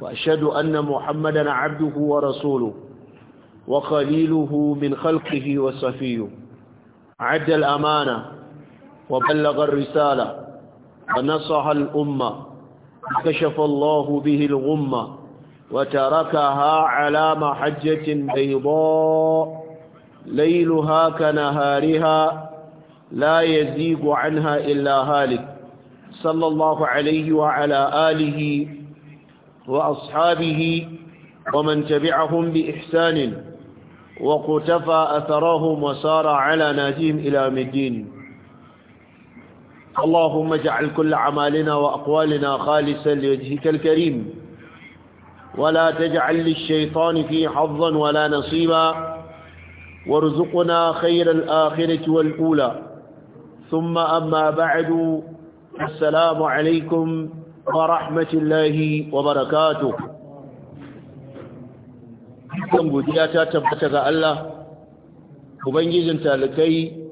وأشهد أن محمدا عبده ورسوله وخليله من خلقه وصفيه عد الأمانة وبلغ الرسالة ونصح الأمة كشف الله به الغمة وتركها على محجة بيضاء ليلها كنهارها لا يزيغ عنها إلا هالك صلى الله عليه وعلى آله وأصحابه ومن تبعهم بإحسان وقتفى أثرهم وسار على ناجهم إلى مدين اللهم اجعل كل عمالنا وأقوالنا خالصا لوجهك الكريم ولا تجعل للشيطان في حظا ولا نصيبا وارزقنا خير الآخرة والأولى ثم أما بعد السلام عليكم ورحمة wa وبركاته kan godiya ta tabbata ga Allah ubangijin talakai.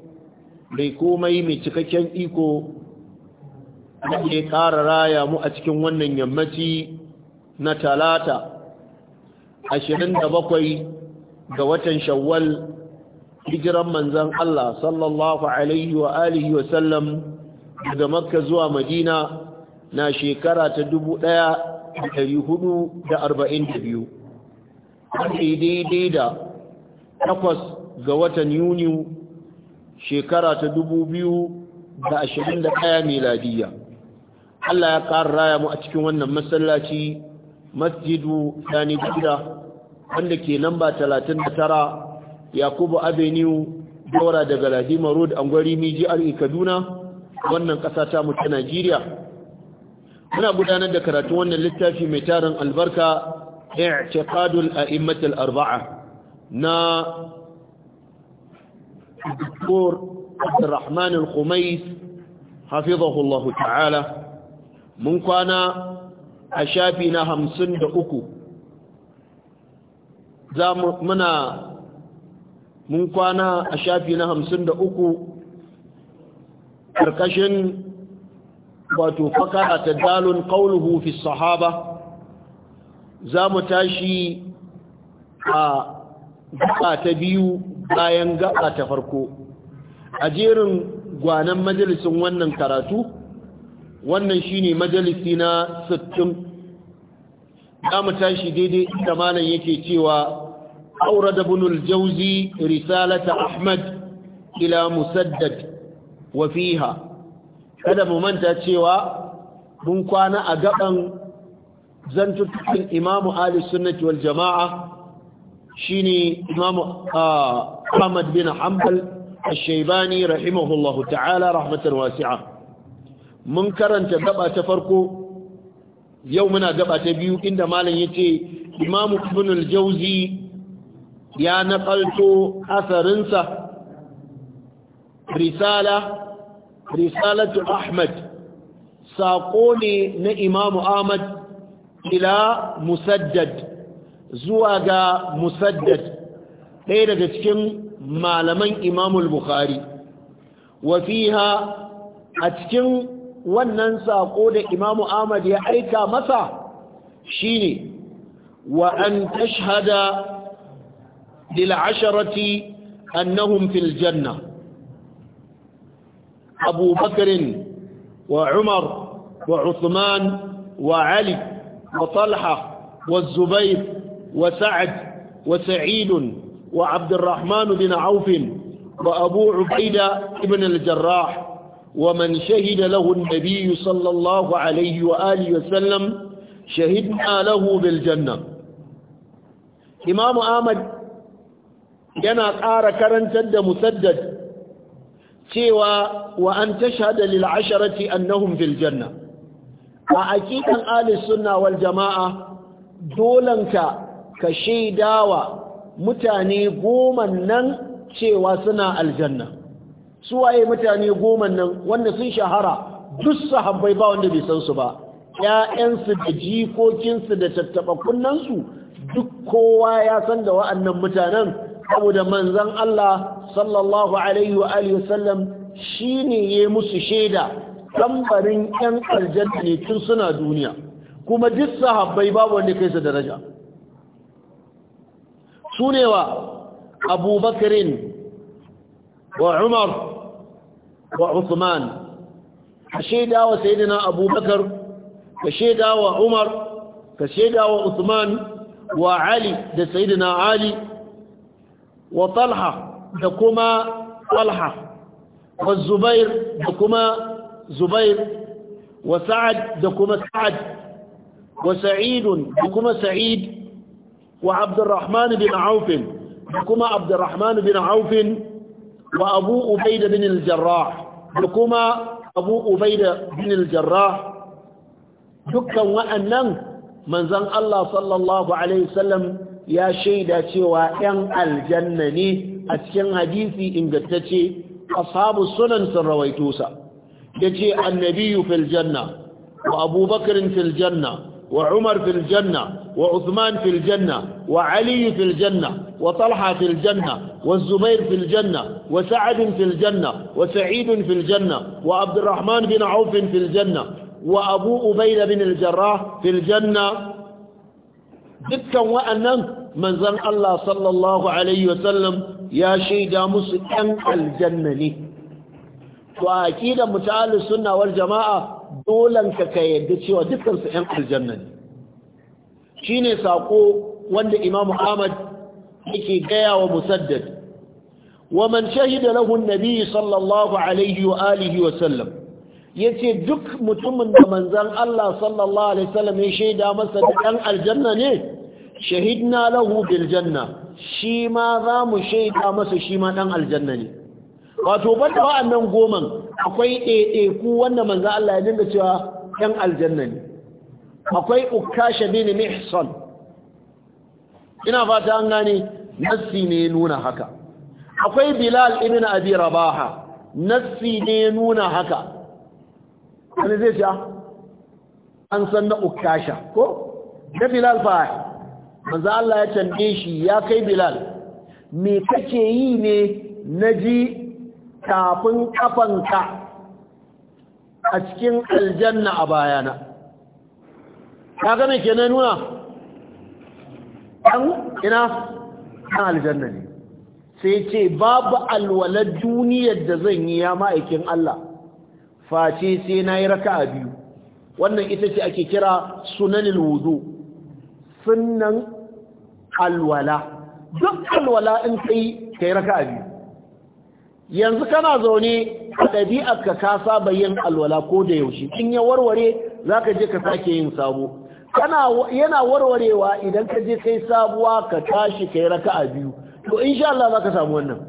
mai komai mai cikakken iko da ke ƙara raya mu a cikin wannan yammaci na talata ashirin da bakwai ga watan shawwal hijiran manzan Allah sallallahu alaihi wa daga makka zuwa madina na shekara ta dubu ɗaya hudu da arba'in da biyu daidai da takwas ga watan yuni shekara ta dubu biyu da ashirin da ɗaya meladiya Allah ya ƙara raya mu a cikin wannan masallaci masjidu sani gida wanda ke lamba talatin da tara yakubu avenue daura daga ladima road gwari miji kaduna wannan ƙasa ta mutu ta najeriya muna gudanar da karatu wannan littafi mai tarin albarka i'tiqadul a'immatul arba'a na Dr. Abdurrahman al-Khumais hafizahu Allah ta'ala mun kwana a shafi na 53 za muna mun kwana a shafi na 53 karkashin wato fakara ta dalun qauluhu fi sahaba za mu tashi a gaba ta biyu bayan gaba ta farko a jerin gwanan majalisin wannan karatu wannan shine majalisi na 60 za mu tashi daidai inda malam yake cewa أورد jauzi الجوزي رسالة Ahmad إلى مسدد Wafiha. kada mu manta cewa mun kwana a gaban zantukukin imamu ali sunnati waljama'a. jama'a shi ne ahmad bin Hambal al-shaibani rahimahullahu ta'ala rahmatar wasi'a mun karanta gaba ta farko yau muna gaba ta biyu inda malam ya ce imamu ibn jauzi ya naƙalto asarinsa risala risalatu ahmad saƙo ne na imamu ahmad ila musaddad zuwa ga musaddad ɗaya daga cikin malaman imamul bukhari wafiha a cikin wannan saƙo da imamu ahmad ya aika masa shine wa an tashhada lil asharati annahum fil janna أبو بكر وعمر وعثمان وعلي وطلحة والزبير وسعد وسعيد وعبد الرحمن بن عوف وأبو عبيدة بن الجراح ومن شهد له النبي صلى الله عليه وآله وسلم شهدنا له بالجنة إمام آمد ينا ƙara karantar مسدد cewa wa an tashhada lil asharati annahum fil janna a aqidan ahli sunna wal jamaa dolanka ka shaidawa mutane goma nan cewa suna aljanna su waye mutane goma nan wanda sun shahara duk sahabbai ba wanda bai san su ba ƴaƴansu da jikokinsu da tattabakunnansu? duk kowa ya san da wa'annan mutanen saboda manzon Allah sallallahu alaihi wa alihi wasallam shine ya musu shaida tambarin yan aljanna ne tun suna duniya kuma duk sahabbai babu wanda kai su daraja sune wa Abu Bakrin wa Umar wa Uthman ka shaida wa sayyidina Abu Bakar ka shaida wa Umar ka shaida wa Uthman wa Ali da sayyidina Ali wa Talha da kuma Talha wa Zubair da kuma Zubair wa Sa'ad da kuma Sa'ad wa Sa'id da kuma Sa'id wa Abdurrahman bin Auf da kuma Abdurrahman bin Auf wa Abu Ubaida bin al-Jarrah da kuma Abu Ubaida bin al-Jarrah dukkan wa'annan manzan Allah sallallahu alaihi wasallam ya shaida cewa ‘yan aljanna ne a cikin hadisi ingantacce ashabu sunan sun rawaito sa yace annabiyu fil janna wa abubakar fil janna wa umar fil janna wa uthman fil janna wa ali fil janna wa talha fil janna wa zubair fil janna wa sa'd fil janna wa sa'id fil janna wa abdurrahman bin auf fil janna wa abu ubayda bin al-jarrah fil janna dukkan wa'annan manzon Allah sallallahu alaihi wasallam ya shaida musu ɗan aljanna ne to a aqidar mutalis sunna jama'a dolan ka ka yadda cewa dukkan su aljanna ne shine saƙo wanda Imam Ahmad yake gaya wa Musaddad Waman man shahida lahu nabi sallallahu alaihi wa alihi wa sallam yace duk mutumin da manzon Allah sallallahu alaihi wasallam ya shaida masa yan aljanna ne shahidna lahu bil janna shi ma za mu shaida masa shi ma dan aljanna ne wato banda wa'annan goman akwai ɗaiɗaiku wanda manzo Allah ya dinga cewa dan aljanna ne akwai ukasha bin mihsan ina fata an gane nassi ne nuna haka akwai bilal ibn abi rabaha nassi ne nuna haka wani zai sha ah, an san na ukasha ko Da bilal fa manzo Allah ya tambaye shi ya kai Bilal me kake yi ne naji tafin kafanka a cikin aljanna a bayana kaga me kenan nuna an ina aljanna ne sai ce babu alwalar duniyar da zan yi ya ma'aikin Allah face sai na yi raka a biyu wannan ita ce ake kira sunanin wudu sunan alwala duk alwala in kai kai raka'a biyu yanzu kana zaune a ɗabi'ar ka ka saba yin alwala ko da yaushe in ya warware zaka je ka sake yin sabo kana yana warwarewa idan ka je kai sabuwa ka tashi kai raka'a biyu to insha Allah zaka samu wannan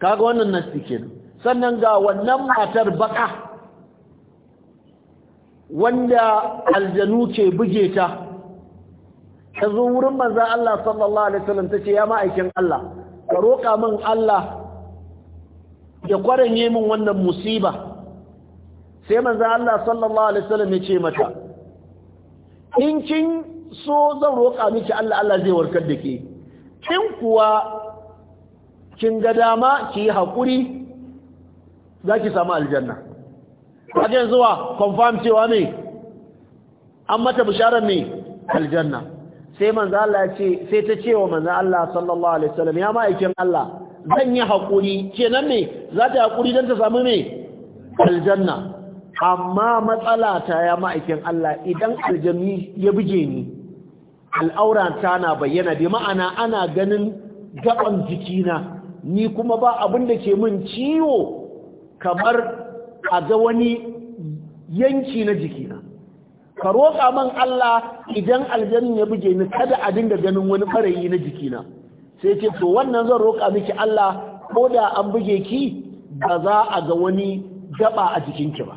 kaga wannan nasti kenan sannan ga wannan matar baka wanda aljanu ke buge ta ta zo wurin manzan Allah sallallahu alaihi wasallam ta ce ya ma'aikin Allah ka roƙa min Allah ya kwaranye min wannan musiba sai manzan Allah sallallahu alaihi wasallam ya ce mata in kin so zan roƙa miki Allah Allah zai warkar da ke kin kuwa kin ga dama ki yi haƙuri za ki samu aljanna kaje zuwa confirm cewa ne an mata bishara me aljanna sai manzo Allah ya ce sai ta ce wa manzo Allah sallallahu alaihi wasallam ya ma'aikin Allah zan yi hakuri kenan ne za ta hakuri dan ta samu me aljanna amma matsala ta ya ma'aikin Allah idan aljanni ya buge ni al'aura ta na bayyana bi ma'ana ana ganin gaban jikina ni kuma ba abin da ke min ciwo kamar a ga wani yanki na jikina ka roƙa man Allah idan aljanu ya buge ni kada a dinga ganin wani farayi na jikina sai ce to wannan zan roƙa miki Allah ko da an buge ki ba za a ga wani gaba a jikinki ba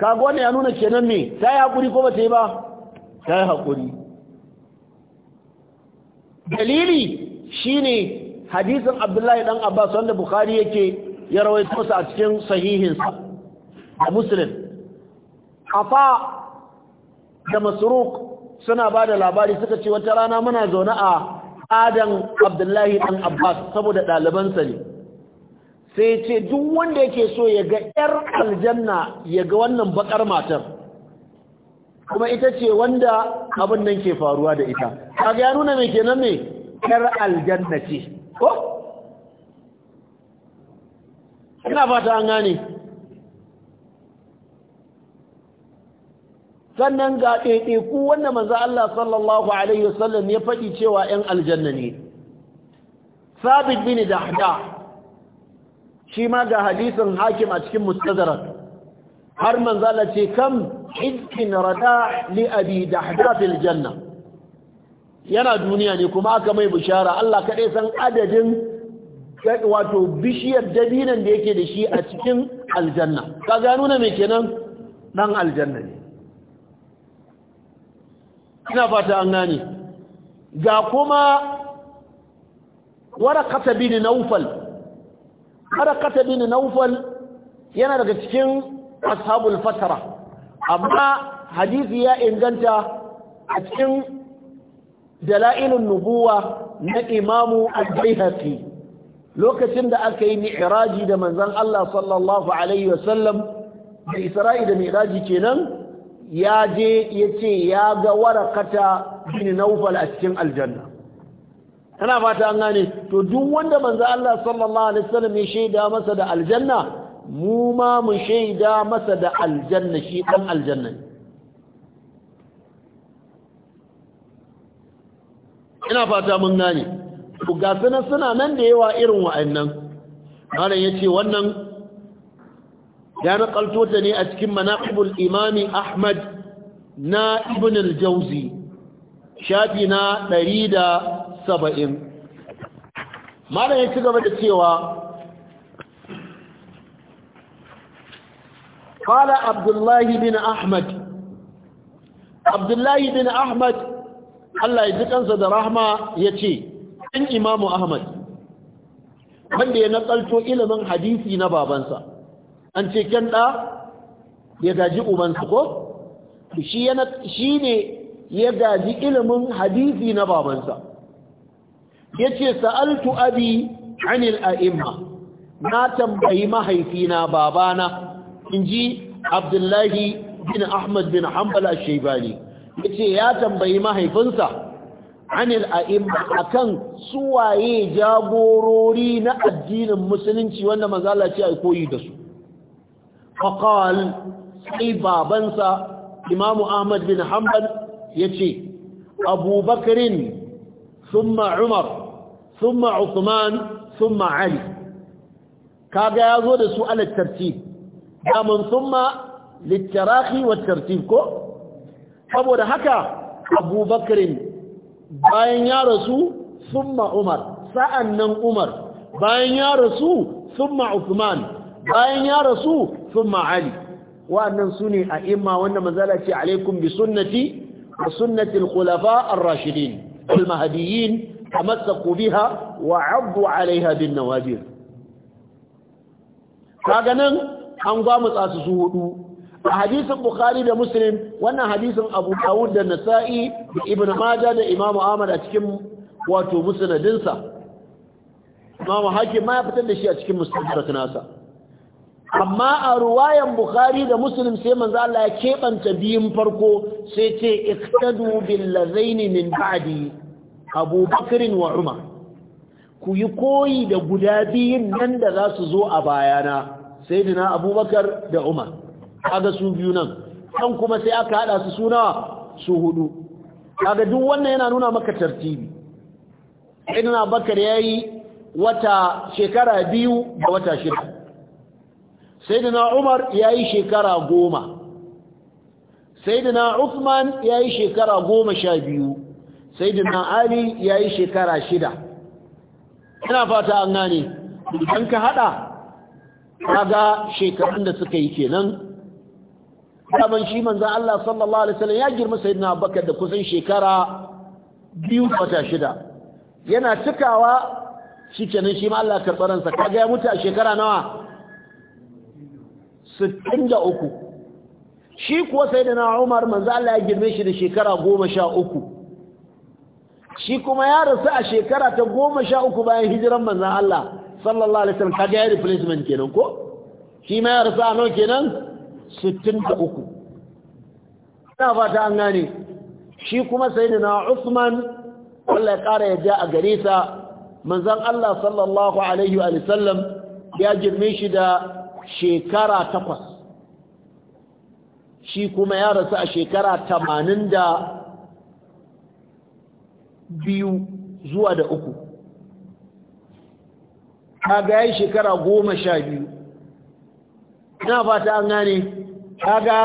Ka ga wannan ya nuna kenan ne ta yi haƙuri ko ba ta yi ba ta yi haƙuri dalili shine hadisin abdullahi dan abbas wanda bukhari yake ya rawaito sa a cikin sahihinsa da muslim afa da masruq suna ba da labari suka ce wata rana muna zaune a adan abdullahi ɗan abbas saboda ɗalibansa ne sai ce duk wanda yake so ya ga ‘yar aljanna ya ga wannan baƙar matar kuma ita ce wanda abin nan ke faruwa da ita kaga ya nuna mai kenan mai ‘yar aljanna ce ko? ina fata an gane sannan ga ɗaiɗaiku wanda manzo Allah sallallahu alaihi wasallam ya faɗi cewa ‘yan aljanna ne sabit bin dahda shi ma ga hadisin hakim a cikin mustadrak har manzo Allah ce kam hizkin rada li abi dahda fil janna yana duniya ne kuma aka mai bishara Allah kaɗai san adadin wato bishiyar dabinan da yake da shi a cikin aljanna ka ga nuna mai kenan ɗan aljanna ne ina fata an gane ga kuma warakata bin naufal warakata bin naufal yana daga cikin ashabul fatara amma hadisi ya inganta a cikin dala'ilun nubuwa na imamu al-baihaqi lokacin da aka yi mi'raji da manzon Allah sallallahu alaihi wasallam da Isra'i da mi'raji kenan ya je ya ce ya ga warakata bin naufal a cikin aljanna tana fata an gane to duk wanda manzo Allah sallallahu alaihi wasallam ya shaida masa da aljanna mu ma mu shaida masa da aljanna shi dan aljanna ina fata mun gane to ga suna nan da yawa irin wa'annan malam yace wannan ya nakalto ta ne a cikin manaqibul imami ahmad na ibn al-jawzi shafi na 170 malam ya ci gaba da cewa قال عبد bin Ahmad, احمد عبد Ahmad, Allah ya ji kansa da rahma yace in imamu ahmad wanda ya nakalto ilimin hadisi na babansa an ce kyan ɗa ya gaji ubansa ko shi ne ya gaji ilimin hadisi na babansa ya ce sa'altu abi anil a'imma na tambayi mahaifina babana in ji abdullahi bin ahmad bin hanbal al-shaibani ya ce ya tambayi mahaifinsa anil a'imma akan suwaye jagorori na addinin musulunci wanda mazala ce a koyi da su faƙal sai babansa imamu ahmad bin hanbal ya ce abubakarin summa umar summa usman summa ali kaga ya zo da su a tartib daman summa littarahi wa ko saboda haka abubakarin bayan ya rasu summa umar sa'an nan umar bayan ya rasu summa usman bayan ya rasu thumma ali wa'annan sune a imma wanda manzala ce alaikum bi sunnati wa sunnati al-khulafa ar-rashidin al-mahdiyyin tamassaku biha wa 'addu 'alayha bin nawajir kaga nan an gwamutsa su su hudu a hadisin bukhari da muslim wannan hadisin abu dawud da nasa'i da ibn da imamu ahmad a cikin wato hakim ma ya fitar da shi a cikin musnadin nasa amma a ruwayan bukhari da muslim sai manzo Allah ya keɓanta biyun farko sai ce iktadu ladaini min ba'di Abu Bakr wa Umar ku yi koyi da guda biyun nan da za su zo a bayana sayyidina Abu Bakar da Umar kaga su biyu nan kan kuma sai aka hada su suna su hudu kaga duk wannan yana nuna maka tartibi sayyidina abubakar yayi wata shekara biyu da wata shida sayyidina umar ya yi shekara goma sayyidina uthman ya yi shekara goma sha biyu sayyidina ali ya yi shekara shida ina fata an gane idan ka hada kaga shekarun da suka yi kenan daban shi manzan Allah sallallahu alaihi wasallam ya girma sayyidina bakar da kusan shekara biyu wata shida yana cikawa shi kenan shi ma Allah karɓaransa kaga ya mutu a shekara nawa 63 shi kuwa sai da na umar manzo Allah ya girme shi da shekara 13 shi kuma ya rasu a shekara ta 13 bayan hijiran manzo Allah sallallahu alaihi wasallam kaga ya replacement kenan ko shi ma ya rasu a nawa kenan 63 ina fata an gane shi kuma sai da na Usman Allah ya kara ya ja a gare sa manzon Allah sallallahu alaihi wa sallam ya girme shi da shekara takwas shi kuma ya rasu a shekara tamanin da biyu zuwa da uku ga ya yi shekara goma sha biyu na fata an gane ga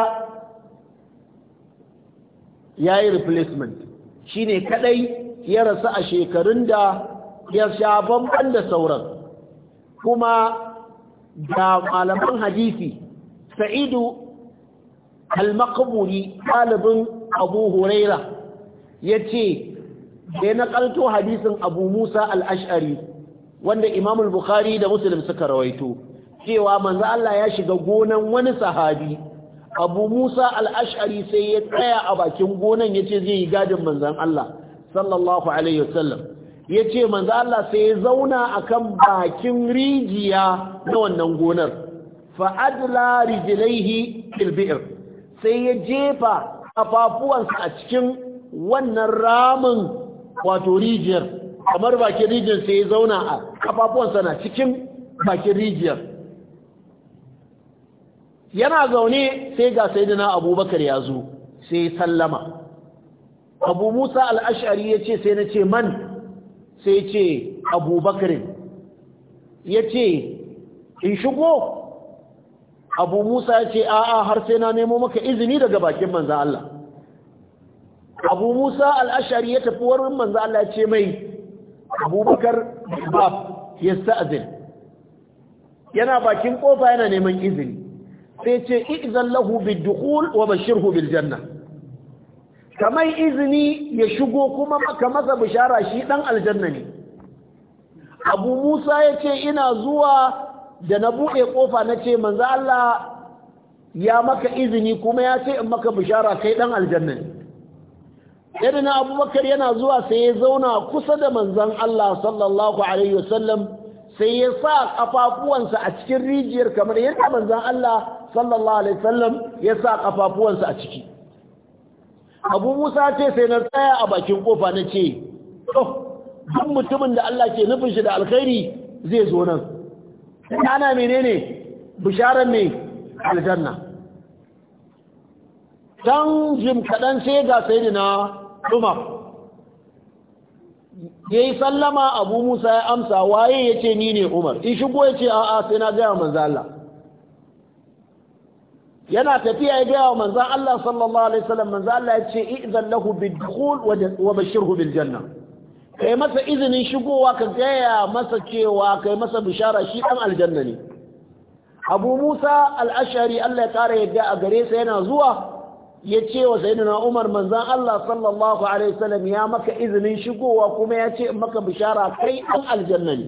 ya yi replacement shi ne kadai ya rasu a shekarun da ya sha bamban da sauran kuma da malaman hadisi sa'idu al-maqburi ɗalibin abu huraira ya ce da na hadisin abu musa al-ash'ari wanda imam al-bukhari da muslim suka rawaito cewa manzo Allah ya shiga gonan wani sahabi abu musa al-ash'ari sai ya tsaya a bakin gonan ya ce zai yi gadin manzon Allah sallallahu alaihi wasallam ya ce manzo Allah sai ya zauna akan bakin rijiya na wannan gonar fa'adla fil ilbi'ir sai ya jefa kafafuwansa a cikin wannan ramin wato rijiyar kamar bakin rijiyar sai ya zauna a kafafuwansa na cikin bakin rijiyar yana zaune sai ga sayyidina abubakar ya zo sai sallama abu musa al-Ash'ari ce sai na ce man sai ce abubakarin ya ce in shigo abu musa ya ce a'a har sai na nemo maka izini daga bakin manza Allah abu musa al'ashari ya tafi warin manza Allah ce mai abubakar ba ya sa'azin yana bakin kofa yana neman izini sai ce izan lahu bid wa bashirhu bil janna kamar izini ya shigo kuma maka masa bishara shi dan aljanna ne abu musa ya ce ina zuwa da na buɗe ƙofa na ce manzo Allah ya maka izini kuma ya ce in maka bishara kai dan aljanna ne irin abubakar yana zuwa sai ya zauna kusa da manzon Allah sallallahu alaihi wasallam sai ya sa kafafuwansa a cikin rijiyar kamar yadda manzon Allah sallallahu alaihi wasallam ya sa kafafuwansa a ciki abu musa ce sai na tsaya a bakin kofa na ce oh, duk mutumin da Allah ke nufin shi da alkhairi zai zo nan ana menene bisharar ne aljanna dan jim kaɗan sai ga sai na umar ya sallama abu musa ya amsa waye yace ni ne umar in shigo yace ce a'a sai na gaya manzo Allah yana tafiya ya gaya wa manzan Allah sallallahu alaihi wasallam manzan Allah ya ce izan lahu bidkhul wa bashirhu bil janna kai masa izinin shigowa ka gaya masa cewa kai masa bishara shi dan aljanna ne Abu Musa al-Ash'ari Allah ya kare yadda a gare sa yana zuwa ya ce wa sayyidina Umar manzan Allah sallallahu alaihi wasallam ya maka izinin shigowa kuma ya ce maka bishara kai dan aljanna ne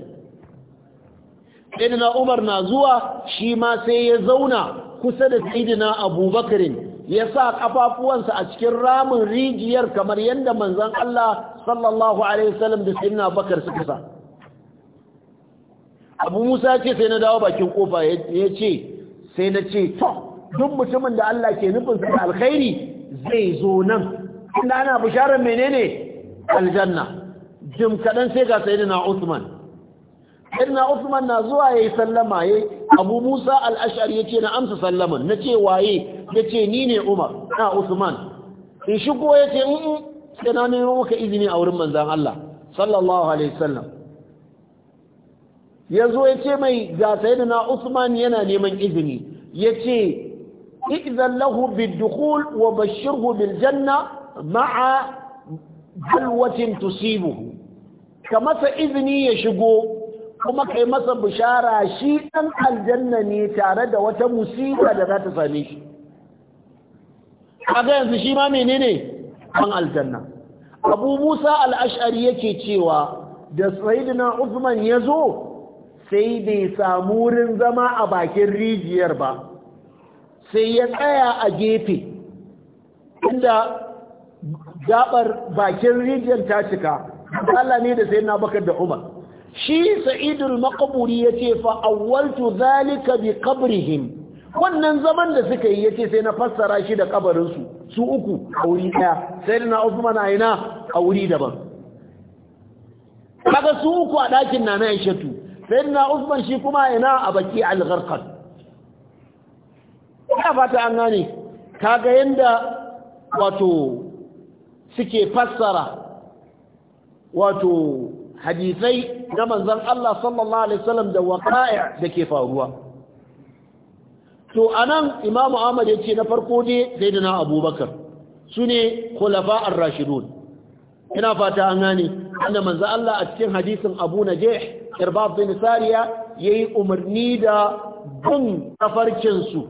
sayyidina Umar na zuwa shi ma sai ya zauna kusa da sayidina abubakar ya sa kafafuwansa a cikin ramin rijiyar kamar yadda manzon Allah sallallahu alaihi wasallam da sayidina abubakar suka sa abu musa ce sai na dawo bakin kofa ya ce sai na ce to duk mutumin da Allah ke nufin sa alkhairi zai zo nan inda ana bisharar menene aljanna jim kaɗan sai ga sayidina Usman. Sayidina Usman na zuwa ya yi sallama ya abu musa al'ashari ya ce na amsa sallaman na ce waye ya ce ni ne umar na usman in shigo ya ce in mm, mm, sai na maka izini a wurin manzan Allah sallallahu alaihi sallam. ya zo ya ce mai ga da na usman yana neman izini ya ce izan lahu bidukul wa bashirhu bil janna ma'a balwatin tusibuhu ka masa izini ya shigo kuma kai masa bishara shi ɗan aljanna ne tare da wata musiba da za ta same shi kaga yanzu shi ma menene ɗan aljanna abu musa al'ashari yake cewa da sayidina Usman ya zo sai bai samu wurin zama a bakin rijiyar ba sai ya tsaya a gefe inda gabar bakin rijiyar ta cika Allah ne da sai na bakar da umar shi sa'idul maqburi yace fa awwaltu zalika bi qabrihim wannan zaman da suka yi yace sai na fassara shi da kabarin su su uku a wuri daya sayyidina Uthman aina auri a wuri daban kaga su uku a dakin nana Aishatu sayyidina Uthman shi kuma aina a baki al-gharqad ya fata an gane kaga yanda wato suke fassara wato hadisai na manzon Allah sallallahu alaihi wasallam da waqa'i' da ke faruwa to anan imamu Ahmad yace na farko ne sayyidina Abubakar sune khulafa ar-rashidun ina fata an gane annabi manzon Allah a cikin hadisin Abu Najih Irbab bin Sariya yayi umarni da bun tafarkin su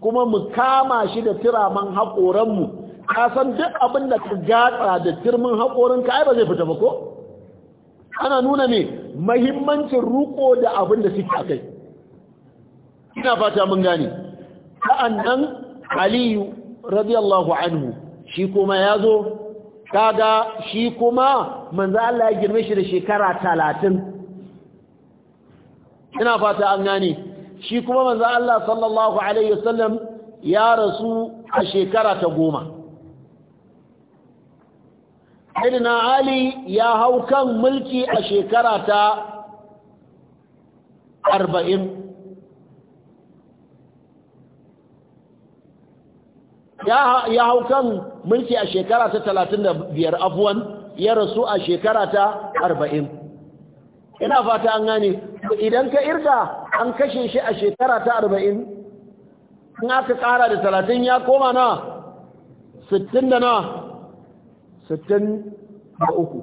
kuma mu kama shi da tiraman haƙoranmu ka san duk abin da ka gatsa da tirmin haƙorinka ai ba zai fita ba ko ana nuna ne mahimmancin ruko da abin da suke akai ina fata mun gane nan aliyu radiyallahu anhu shi kuma yazo kaga shi kuma manzo Allah ya girme shi da shekara 30 ina fata an gane shi kuma manzo Allah sallallahu alaihi wasallam ya rasu a shekara ta goma sayyidina ali ya hau kan mulki a shekara ta arba'in ya hau kan mulki a shekara ta talatin da biyar afuwan ya rasu a shekara ta arba'in ina fata an gane idan ka irga an kashe shi a shekara ta arba'in in aka kara da talatin ya koma na sittin da na sittin da uku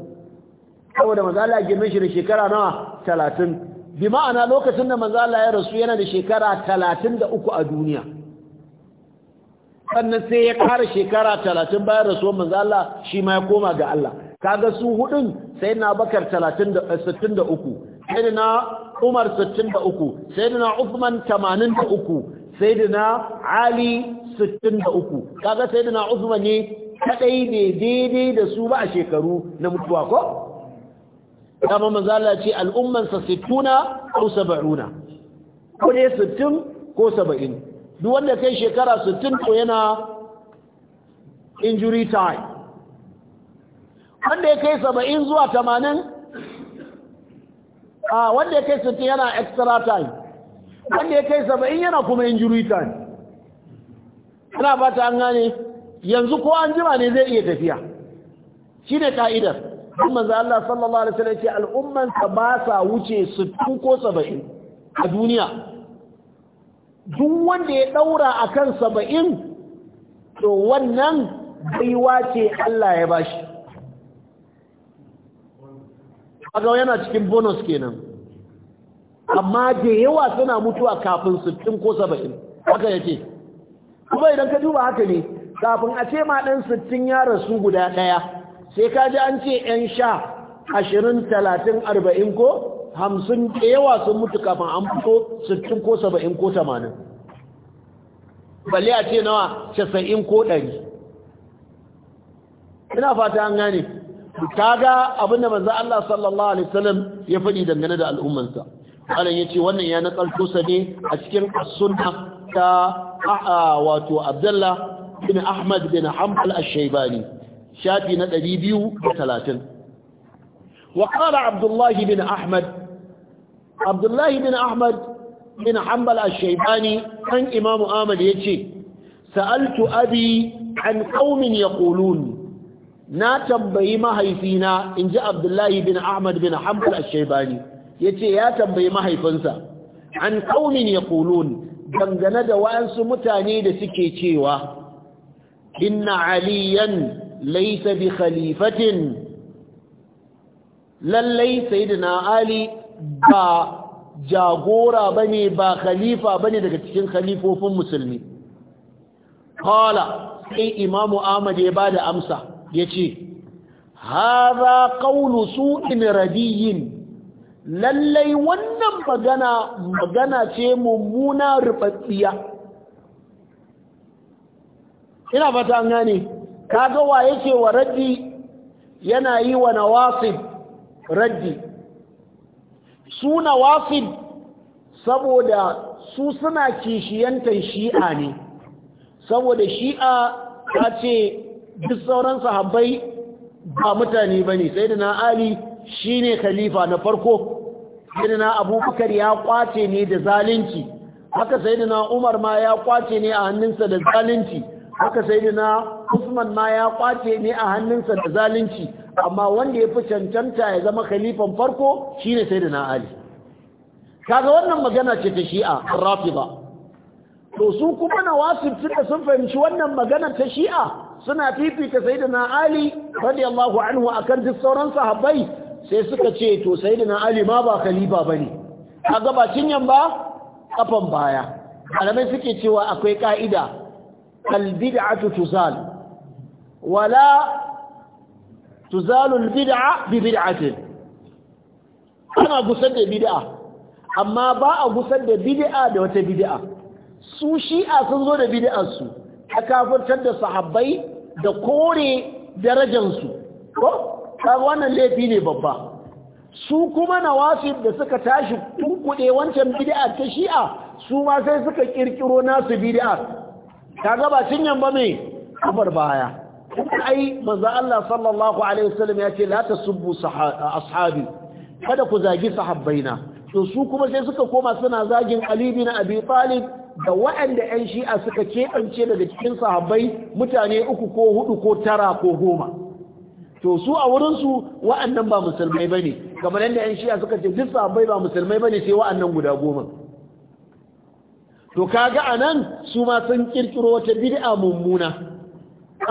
saboda manzo Allah girme shi da shekara nawa talatin bi ma'ana lokacin da mazala ya rasu yana da shekara talatin da uku a duniya sannan sai ya kara shekara talatin bayan rasuwar mazala shi ma ya koma ga Allah kaga su hudun sai na bakar talatin da eh, sittin da uku sai na Umar 63 sayyidina Uthman sai na Ali uku kaga na Uthman ne kadai ne daidai da su ba a shekaru na mutuwa ko dama manzala ce al'ummansa sittuna ko saba'una ko ne sittin ko saba'in duk wanda kai shekara sittin to yana injury time wanda ya kai saba'in zuwa tamanin a wanda ya kai sittin yana extra time wanda ya kai saba'in yana kuma injury time Ina ba ta an gane yanzu ko an jima ne zai iya tafiya Shi ne ka'idar kuma manzo Allah sallallahu alaihi wasallam ce al'umman sa ba sa wuce 60 ko 70 a duniya duk wanda ya daura akan 70 to wannan baiwa ce Allah ya bashi kaga yana cikin bonus kenan amma da yawa suna mutuwa kafin 60 ko 70 haka yake kuma idan ka duba haka ne kafin a ce ma ɗan sittin ya rasu guda ɗaya sai ka ji an ce ‘yan sha ashirin talatin arba'in ko hamsin da yawa sun mutu kafin an fito sittin ko saba'in ko tamanin balle a ce nawa casa'in ko ɗari ina fata an gane ga abin da manzan Allah sallallahu alaihi wasallam ya faɗi dangane da al'ummansa Allah ya ce wannan ya nakalto sa ne a cikin Asunan ta. ta wato Abdullah bin ahmad bin hanbal ash-shaybani shafi na 230 wa qala abdullah bin ahmad abdullah bin ahmad bin hanbal ash-shaybani kan imamu ahmad yace sa'altu abi an qaumin yaqulun na tambayi mahaifina in ji abdullahi bin ahmad bin hanbal ash-shaybani yace ya tambayi mahaifinsa an qaumin yaqulun dangane da wa'ansu mutane da suke cewa إن عليا ليس بخليفة للي سيدنا علي با جاغورا بني با خليفة بني دك تكين خليفة فم مسلمي قال أي إمام آمد يباد أمسى يتي هذا قول سوء ردي للي ونم مغانا مغانا تيممونا رفضية ina fata an gane kaga wa yake wa raddi yana yi wa nawasib raddi su nawasib saboda su suna kishiyantar shi'a ne saboda shi'a ta ce duk sauran sahabbai ba mutane ba ne sai na ali shi ne khalifa na farko sai abubakar ya kwace ne da zalunci haka sai na umar ma ya kwace ne a hannunsa da zalunci haka sai dina usman ma ya kwace ne a hannunsa da zalunci amma wanda ya fi cancanta ya zama khalifan farko shine sai dina ali kaga wannan magana ce ta shi'a rafida to su kuma na wasu suka sun fahimci wannan magana ta shi'a suna fifita sayyidina ali radiyallahu anhu akan duk sauran sahabbai sai suka ce to sayyidina ali ma ba khalifa bane kaga ba cinyan ba kafan baya malamai suke cewa akwai ka'ida البدعة تزال ولا تزال البدعة ببدعة أنا أقصد بدعة أما با أقصد بدعة دوت بدعة su shi'a sun zo da bid'arsu a kafirtar da sahabbai da kore darajansu ko kaga wannan laifi ne babba su kuma wasu da suka tashi tunkuɗe wancan bid'a ta shi'a su ma sai suka kirkiro nasu bid'a kaga ba cinyan ba me kafar baya ai manzo Allah sallallahu alaihi wasallam ya ce la tasubbu ashabi kada ku zagi sahabbaina to su kuma sai suka koma suna zagin Ali bin Abi Talib da waɗanda ƴan shi'a suka keɓance daga cikin sahabbai mutane uku ko hudu ko tara ko goma to su a wurinsu waɗannan ba musulmai ba ne kamar yadda ƴan shi'a suka ce duk sahabbai ba musulmai bane sai waɗannan guda goma to kaga anan su ma sun kirkiro wata bid'a mummuna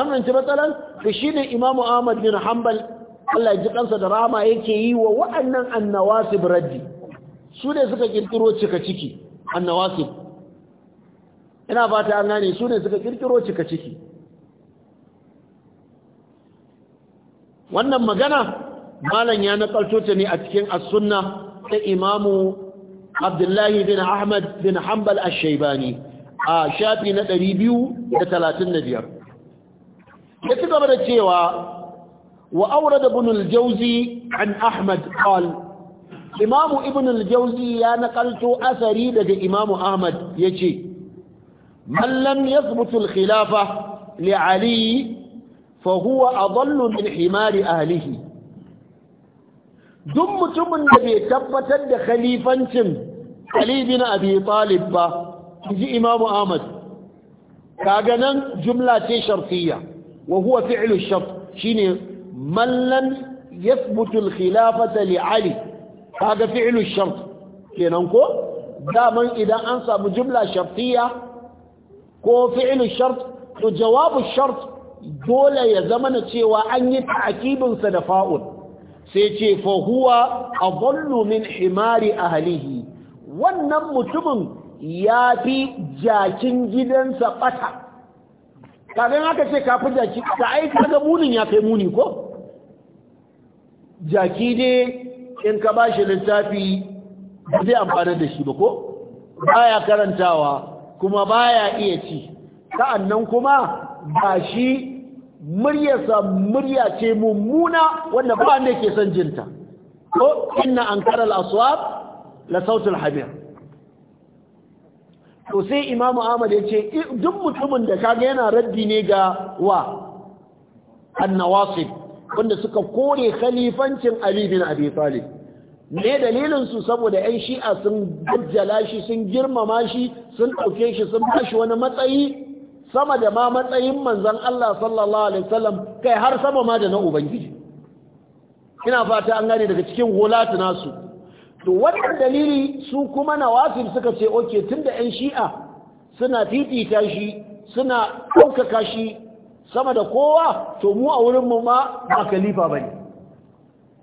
amince matsalan to shine imamu ahmad bin hanbal Allah ya ji kansa da rahama yake yi wa wa'annan annawasib raddi su ne suka kirkiro cika ciki annawasib ina fata an gane su ne suka kirkiro cika ciki wannan magana malam ya nakalto ta ne a cikin as-sunna ta imamu abdullahi bin ahmad bin Hambal ash-shaybani a shafi na 235 ya ci gaba da cewa wa aurada ibn al-jawzi an ahmad qala imamu IbnulJauzi ya nakalto asari daga imamu ahmad yace man lam yathbutu al-khilafa li ali fa huwa adallu min himari ahlihi duk mutumin da bai tabbatar da khalifancin Ali bin Abi Talib ba ji Imam Ahmad kaga nan jumla ce shartiya wa huwa fi'lu shart shine man lam yathbutu al-khilafata li Ali kaga fi'lu shart kenan ko daman idan an samu jumla shartiya ko fi'lu shart to jawabu shart dole ya zama na cewa an yi ta'akibinsa da fa'ul sai ce fa huwa adallu min himari ahlihi wannan mutumin ya fi jakin gidansa ɓata kagan aka ce kafin jaki ta aiki daga munin ya kai muni ko jaki ne in ka ba shi littafi ba zai amfani da shi ba ko baya karantawa kuma baya iya ci sa'annan kuma ba shi muryarsa murya ce mummuna wanda ba wanda ke son jinta ko inna an karar aswab la sautul hamir to sai imamu ahmad ya ce duk mutumin da kaga yana raddi ne ga wa annawasib wanda suka kore khalifancin ali bin abi talib ne dalilin su saboda yan shi'a sun gajjala shi sun girmama shi sun dauke shi sun ba shi wani matsayi sama da ma matsayin manzon Allah sallallahu alaihi wasallam kai har sama ma da na ubangiji ina fata an gane daga cikin gulatu nasu to wannan dalili su kuma nawafil suka ce oke tun da yan shi'a suna fifita shi suna ɗaukaka shi sama da kowa to mu a wurinmu ma ba kalifa ba ne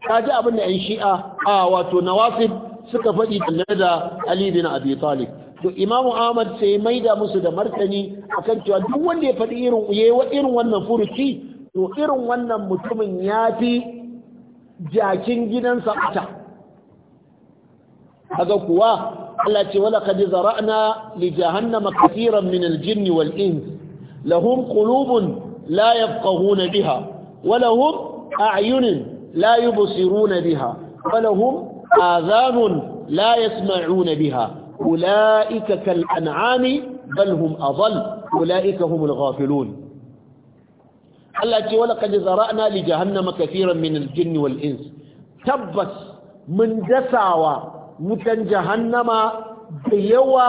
ta ji abin da yan shi'a a wato nawafil suka faɗi dangane da ali bin abi talib to imamu ahmad sai maida musu da martani akan cewa duk wanda ya faɗi irin yayi irin wannan furuci to irin wannan mutumin ya fi jakin gidansa ɓata هذوكوا التي ولقد ذرأنا لجهنم كثيرا من الجن والإنس لهم قلوب لا يفقهون بها ولهم أعين لا يبصرون بها ولهم آذان لا يسمعون بها أولئك كالأنعام بل هم أضل أولئك هم الغافلون التي ولقد ذرأنا لجهنم كثيرا من الجن والإنس تبس من جساوى wutan jahannama da yawa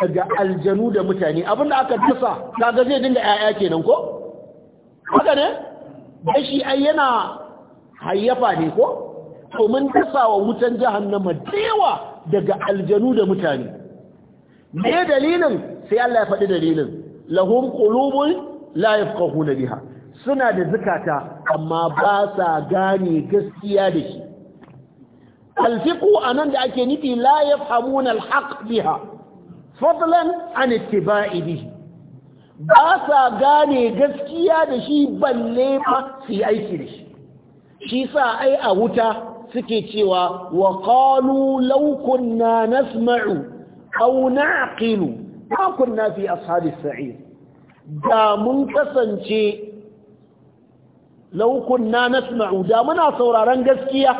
daga aljanu da mutane abinda aka dasa kaga zai dinga yaya kenan ko haka ne da shi ai yana hayyafa ne ko to mun dasa wa wutan jahannama da yawa daga aljanu da mutane me dalilin sai Allah ya faɗi dalilin lahum qulubun la yafqahuna biha suna da zikata amma ba sa gane gaskiya da shi a nan da ake nufi la yafhamuna alhaq biha fadlan an ittiba'i bihi ba sa gane gaskiya da shi balle ba su yi aiki da shi shi sa ai a wuta suke cewa wa laukun law kunna nasma'u aw na'qilu ma kunna fi da mun kasance laukun kunna nasma'u da muna sauraron gaskiya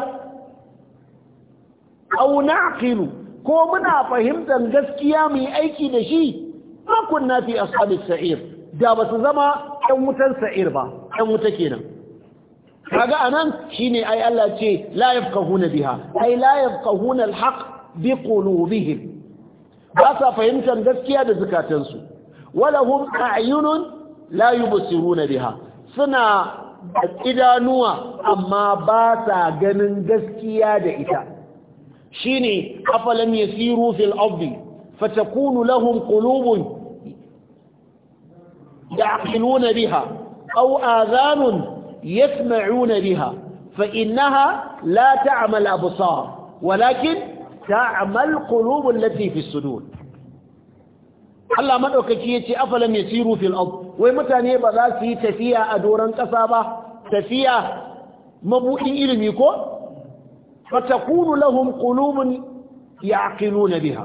au na'qilu ko muna fahimtar gaskiya mai aiki da shi ma na fi ashabis sa'ir da ba su zama ɗan wutan sa'ir ba ɗan wuta kenan kaga anan shine ai Allah ce la yafqahuna biha ai la yafqahuna alhaq bi qulubihim ba sa fahimtar gaskiya da zukatansu walahum a'yunun la yubsiruna biha suna idanuwa amma ba sa ganin gaskiya da ita shine afalam yasiru fil ardi fatakunu lahum qulubun ya'qiluna biha aw adhanun yasma'una biha fa innaha la ta'mal absar walakin ta'mal qulubul lati fi sudur Allah madaukaki yace afalam yasiru fil ard wai mutane ba za su yi tafiya a doran kasa ba tafiya mabudin ilimi ko fatakunu lahum qulubun ya'qiluna biha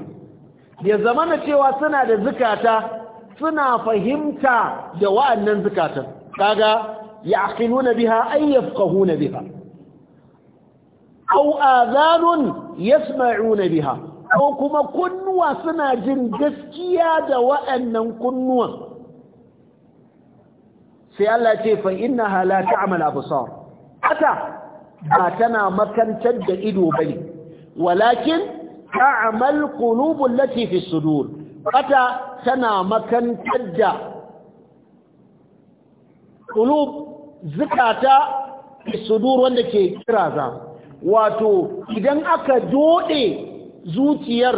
ya zamana cewa suna da zukata suna fahimta da wa'annan zukatan kaga ya'qiluna biha ay yafqahuna biha aw adhanun yasma'una biha ko kuma kunnuwa suna jin gaskiya da wa'annan kunnuwan sai Allah ce fa innaha la ta'mal absar ata ba tana makantar da ido ba ne walakin ta qulubul lati fi sudur bata tana makantar da qulub zikata fi sudur wanda ke kiraza wato idan aka dode zuciyar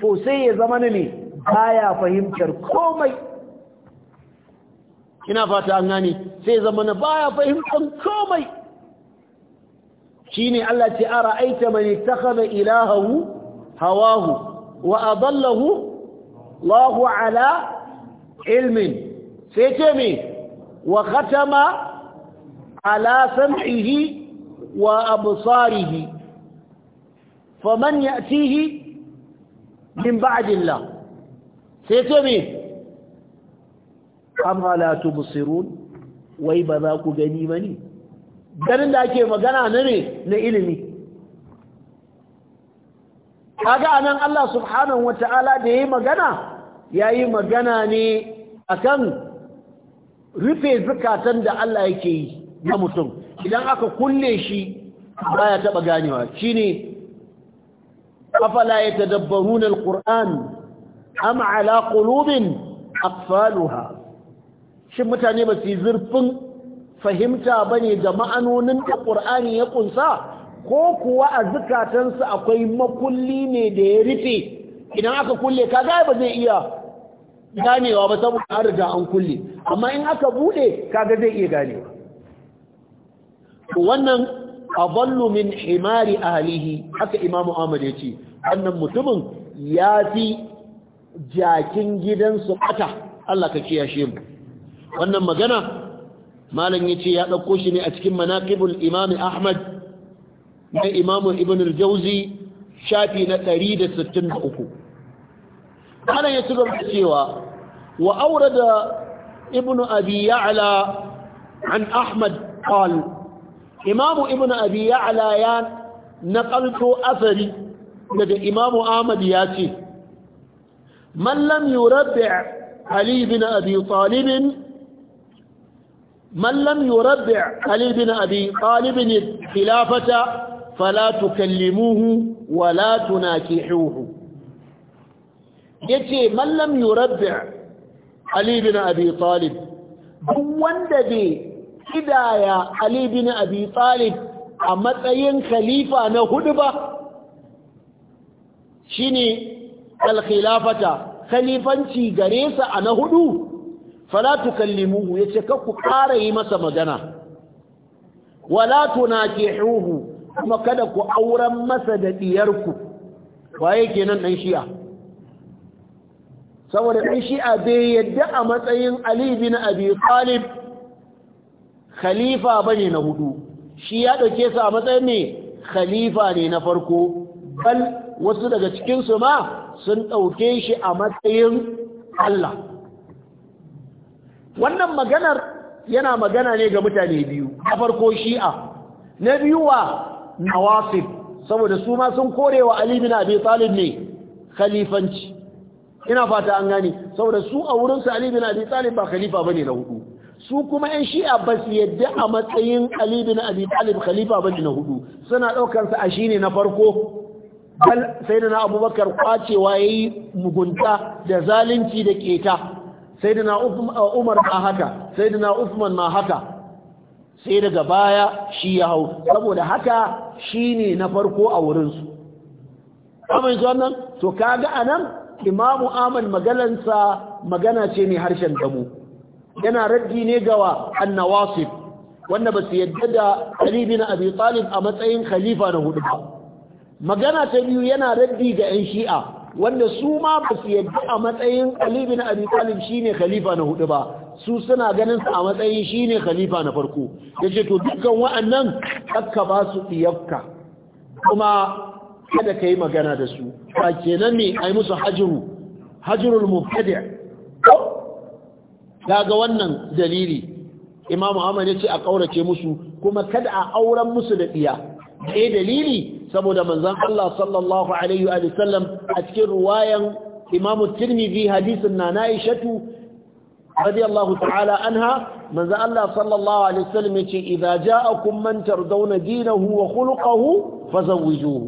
to sai ya zama ne baya fahimtar komai ina fata an gane sai zama na baya fahimtar komai shine Allah ce ara aita man ittakhadha ilahahu hawahu wa adallahu Allahu ala ilmin sai ce me wa khatama ala sam'ihi wa absarihi faman ya'tihi min ba'di Allah sai ce me amma la tubsirun wai ba za ku gani ba Ganin da ake magana na ne na ilimi kaga anan Allah subhanahu wata'ala da ya yi magana yayi magana ne akan rufe zukatan da Allah yake yi na mutum idan aka kulle shi baya taɓa ganewa shine afala yatadabbaruna alquran am ala qulubin aqfaluha shin mutane ba su yi zurfin fahimta bane da ma'anonin da ƙur'ani ya ƙunsa ko kuwa a zukatansu akwai makulli ne da ya rufe idan aka kulle kaga ba zai iya ganewa ba saboda an riga an kulle amma in aka bude kaga zai iya ganewa wannan adallu min himari ahlihi haka imamu Ahmad ya ce wannan mutumin ya fi jakin gidansu bata Allah ka kiyashe mu wannan magana malam ce ya dauko shi ne a cikin manaqibul imam ahmad na imam ibn al-jawzi shafi na 163 ana yace gaba cewa wa aure da ibn abi ya'la an ahmad qal imam ibn abi ya'la ya naqalto asari daga imam ahmad ya ce man lam yurabbi ali bin abi talib من لم يربع علي بن أبي طالب الخلافة فلا تكلموه ولا تناكحوه yace mallam lam yurabbi ali bin abi talib duk wanda bai kidaya ali bin abi a matsayin khalifa na hudu ba shine al khilafata gare sa a na hudu fala tukallimuhu yace kar ku ƙara yi masa magana wala tunakihuhu kuma kada ku auren masa da ku waye kenan dan shi'a saboda dan shi'a bai yadda a matsayin Ali bin Abi Talib khalifa bane na hudu shi ya dauke sa a matsayin ne khalifa ne na farko bal wasu daga cikin su ma sun dauke shi a matsayin Allah wannan maganar yana magana ne ga mutane biyu na farko shi'a na biyu wa nawasib saboda su ma sun korewa ali bin abi talib ne khalifanci ina fata an gane saboda su a wurin su ali bin abi talib ba khalifa bane na hudu su kuma yan shi'a ba su yadda a matsayin ali bin abi talib khalifa bane na hudu suna daukar sa a shine na farko bal na abubakar kwacewa yayi mugunta da zalunci da keta sayyidina uh, umar ma haka sayyidina usman ma haka sai daga baya shi ya hau saboda haka shine na farko a wurin su amince wannan to kaga anan imamu amal magalansa magana ce mai harshen damu yana raddi ne gawa annawasif, wanda ba su yadda da Ali bin Talib a matsayin khalifa na hudu ba magana ta biyu yana raddi ga 'yan shi'a wanda su ma ba su yadda a matsayin Ali na Abi Talib shine khalifa na hudu ba su suna ganin sa a matsayin shine khalifa na farko yace to dukkan wa'annan akka ba su diyafka kuma kada kai magana da su ba kenan ne ai musu hajru hajrul mubtadi' daga wannan dalili Imam Ahmad yace a kaurace musu kuma kada a auren musu da diya me dalili saboda manzan Allah sallallahu alaihi wa sallam a cikin ruwayan Imam Tirmidhi hadisin na Aishatu radiyallahu ta'ala anha manzan Allah sallallahu alaihi wa sallam yace idza ja'akum man tardawna dinahu wa khuluquhu fazawwijuhu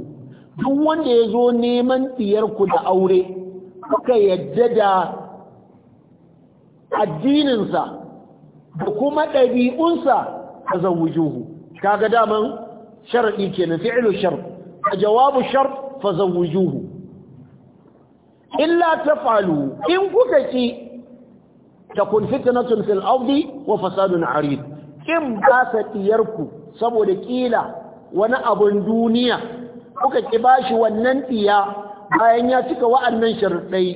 duk wanda yazo neman diyarku da aure kuka yadda da addininsa da kuma ɗabi'unsa fazawwijuhu kaga daman sharadi kenan fi'lu shart jawabu shart fazawwijuhu illa taf'alu in kuka ki takun fitnatun fil ardi wa fasadun arid kin ba sa tiyarku saboda kila wani abun duniya kuka ki bashi wannan tiya bayan ya cika wa'annan sharadai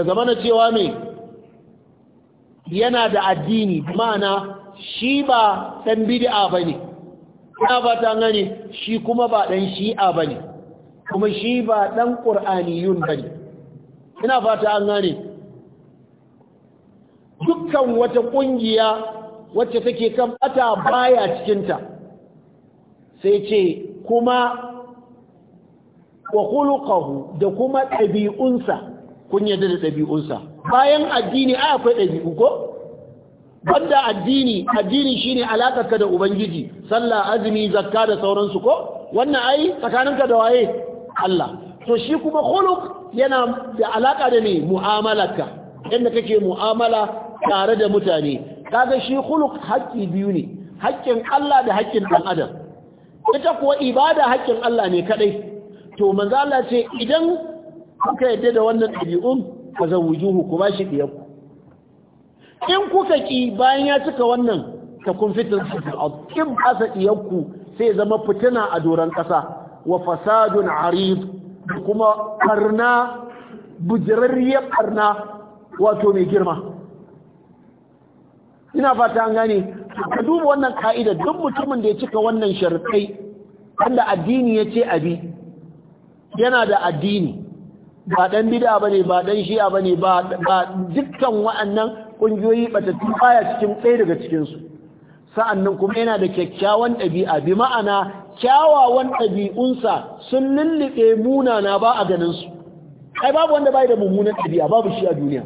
daga mana cewa me yana da addini ma'ana shi ba ɗan bid'a bane ba ba ta gane shi kuma ba ɗan shi'a ba ne kuma shi ba ɗan ƙur'aniyun ba ne ina fata an gane dukkan wata ƙungiya wacce take kan bata baya cikinta sai ce kuma wa khuluquhu da kuma ɗabi'unsa kun yadda da ɗabi'unsa bayan addini ai akwai ɗabi'u ko banda addini addini shine alakarka da ubangiji sallah azumi zakka da sauransu ko wannan ai tsakaninka da waye Allah to shi kuma khuluq yana da alaka da ne mu'amalarka inda kake mu'amala tare da mutane kaga shi khuluq haƙƙi biyu ne haƙƙin Allah da haƙƙin ɗan adam ita kuwa ibada haƙƙin Allah ne kadai to manzo Allah ce idan kuka yadda da wannan ɗabi'un fa zawujuhu ku bashi ɗiyarku in kuka ki bayan ya cika wannan ta kun fitin in ba sa iyakku sai zama fitina a doron ƙasa wa fasadun arif kuma karna bujirarriyar karna wato mai girma ina fata an gane ka duba wannan ka'ida duk mutumin da ya cika wannan sharkai wanda addini ya ce abi yana da addini ba dan bida bane ba dan shi'a bane ba dukkan wa'annan ƙungiyoyi batattu baya cikin ɗaya daga cikinsu sa'annan kuma yana da kyakkyawan ɗabi'a bi ma'ana kyawawan ɗabi'unsa sun lullube munana ba a ganinsu ai babu wanda bai da mummunan ɗabi'a babu shi a duniya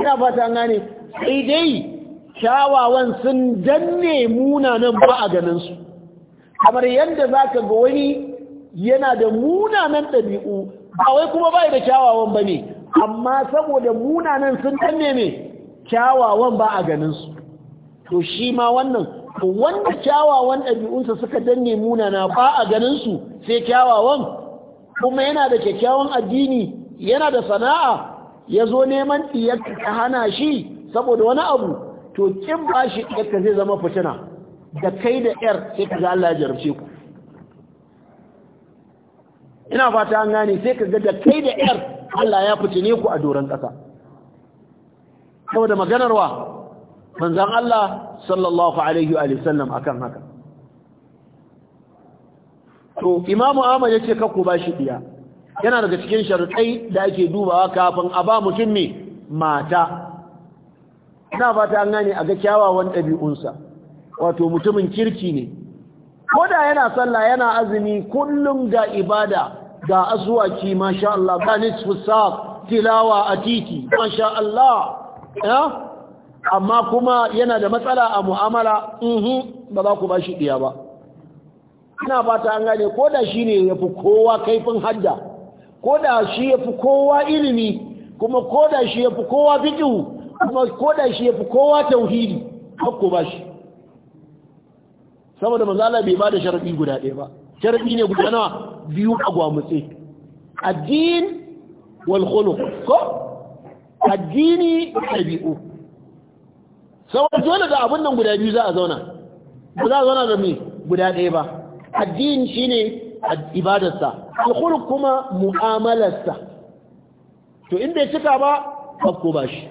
ina fata an gane sai dai kyawawan sun danne munanan ba a ganinsu kamar yadda za ka ga wani yana da munanan ɗabi'u ba wai kuma bai da kyawawan ba ne amma saboda munanan sun danne ne kyawawan ba a ganin su to shi ma wannan wanda kyawawan ɗabi'unsa suka danne munana ba a ganin su sai kyawawan kuma yana da kyakkyawan addini yana da sana'a ya zo neman ɗiyarka ta hana shi saboda wani abu to kin ba shi ɗiyarka zai zama fitina da kai da ƴar sai ka ga Allah ya jarabce ku ina fata an gane sai ka ga da kai da ƴar Allah ya fitine ku a doron ƙasa saboda maganarwa manzan Allah sallallahu alaihi wa sallam akan haka to imamu Ahmad yace ka ku bashi diya yana daga cikin sharuɗai da ake dubawa kafin a ba mutum ne mata ina fata an gane a ga kyawawan ɗabi'unsa wato mutumin kirki ne Koda yana sallah yana azumi kullum ga ibada ga ki masha Allah ganis fusaq tilawa a titi masha Allah Eh? amma kuma yana da matsala a mu'amala uhu ba za ku ba shi ɗiya ba ina fata an gane ko da shi ne ya fi kowa kaifin hadda ko da shi ya fi kowa ilimi kuma ko da shi ya fi kowa fiƙihu kuma ko da shi ya fi kowa tauhidi hakko ba shi saboda manzala bai ba da sharaɗi guda ɗaya ba sharaɗi ne guda nawa biyu a gwamutse addin wal khuluq ko addini ɗabi'u saboda dole da abin nan guda biyu za a zauna ba za a zauna da mai guda ɗaya ba addini shi shine ibadarsa alkhuluk kuma mu'amalarsa to in bai cika ba hakko ba shi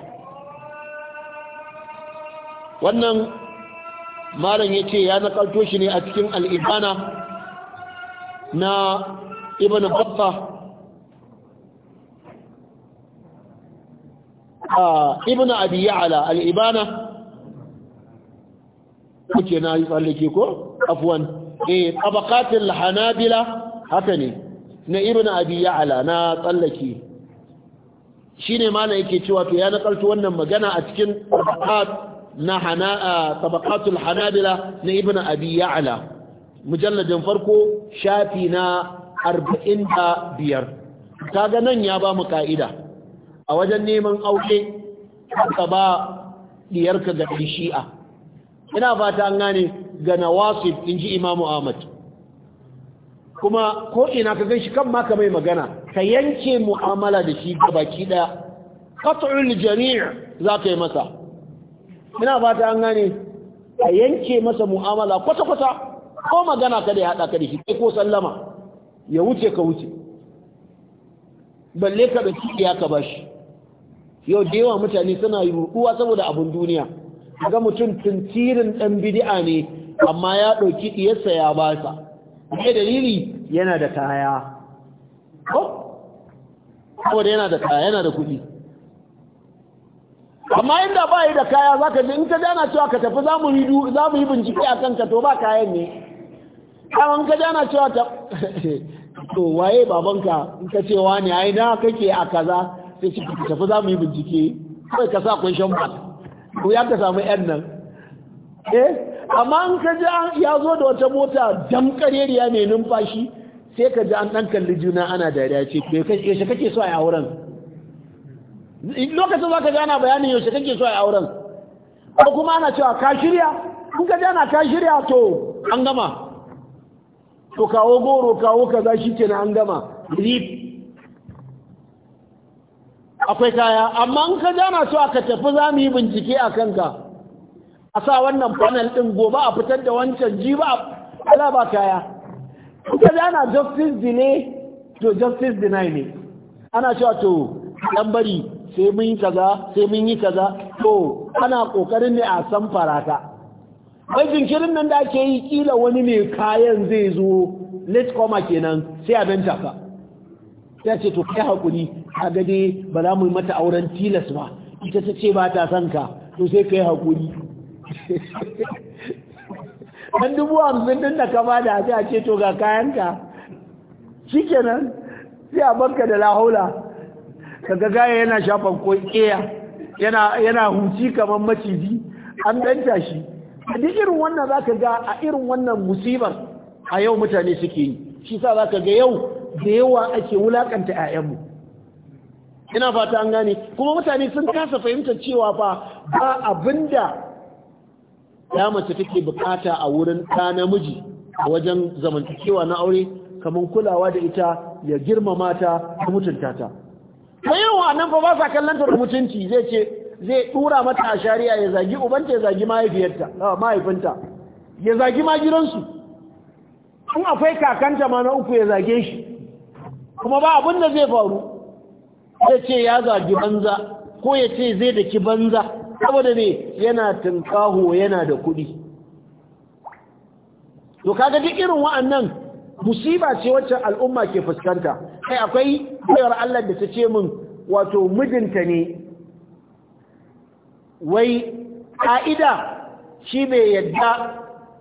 wannan malam ya ce ya nakalto shi ne a cikin al'ibana na ibn babba ibn abi ya'la al-ibana kuke na yi tsallake ko afwan eh tabaqatil hanabila haka ne na ibn abi ya'la na tsallake shine malai yake cewa to ya nakalto wannan magana a cikin tabaqat na hana tabaqatul hanabila na ibn abi ya'la mujalladin farko shafi na 45 kaga nan ya ba mu ka'ida a wajen neman aure ka ba diyarka ga shi'a ina fata an gane ga nawasif in ji imamu ahmad kuma ko ina ka gan shi kan maka mai magana ka yanke mu'amala da shi ga baki ɗaya qat'ul jami' za ka yi masa ina fata an gane ka yanke masa mu'amala kwata-kwata ko magana kada ya haɗa ka da shi ko sallama ya wuce ka wuce balle ka da ya ka bashi yau da yawa mutane suna yi ruɗuwa saboda abin duniya ga mutum tuntirin ɗan bidi'a ne amma ya ɗauki ɗiyarsa ya ba sa ne dalili yana da kaya ko saboda yana da kaya yana da kuɗi amma inda ba yi da kaya za ka in ka jana cewa ka tafi za mu yi bincike a ka to ba kayan ne kawan ka jana cewa ta to waye babanka in ka ce wani ai na kake a kaza sai ki tafi za mu yi bincike kawai ka sa kun shan ba ko ya ka samu yan nan eh amma an ka ji ya zo da wata mota jam kareriya mai numfashi sai ka ji an dan kalli juna ana dariya ce Me kai yaushe kake so a auren lokacin zaka ga ana bayanin yaushe kake so a auren ko kuma ana cewa ka shirya kun ka ji ana ka shirya to an gama to kawo goro kawo kaza na an gama akwai kaya amma in ka jana so aka tafi za mu yi bincike a kanka a sa wannan panel ɗin gobe a fitar da wancan ji ba ala ba kaya in ka jana justice delay to justice deny ne ana cewa to ɗan bari sai mun yi kaza sai mun yi kaza to ana ƙoƙarin ne a san farata wai jinkirin nan da ake yi kila wani mai kayan zai zo late comer kenan sai abin benta ya ce to kai hakuri a gade ba za mu yi mata auren tilas ba ita ta ce ba ta son ka to sai kai hakuri dan dubu hamsin din da ka bada sai a ce to ga kayanka kenan sai a banka da lahaula kaga gaya yana shafan ko yana yana huci kamar maciji an danta shi a duk irin wannan zaka ga a irin wannan musibar a yau mutane suke yi shi sa ka ga yau da yawa ake wulakanta 'ya'yanmu ina fata an gane kuma mutane sun kasa fahimtar cewa fa ba abinda ya mace take bukata a wurin ta namiji a wajen zamantakewa na aure kamar kulawa da ita ya girmama ta da mutunta ta yawa nan fa ba sa kallon da mutunci zai ce zai dura mata a shari'a ya zagi ubanta ya zagi mahaifiyarta mahaifinta ya zagi ma gidansu in akwai kakanta ma na uku ya zage shi kuma ba abin da zai faru ya ce ya zagi banza ko ya ce zai daki banza saboda ne yana tunkaho yana da kuɗi to kaga duk irin wa'annan musiba ce wacce al'umma ke fuskanta kai akwai bayar Allah da ta ce min wato mijinta ne wai ka'ida shi bai yadda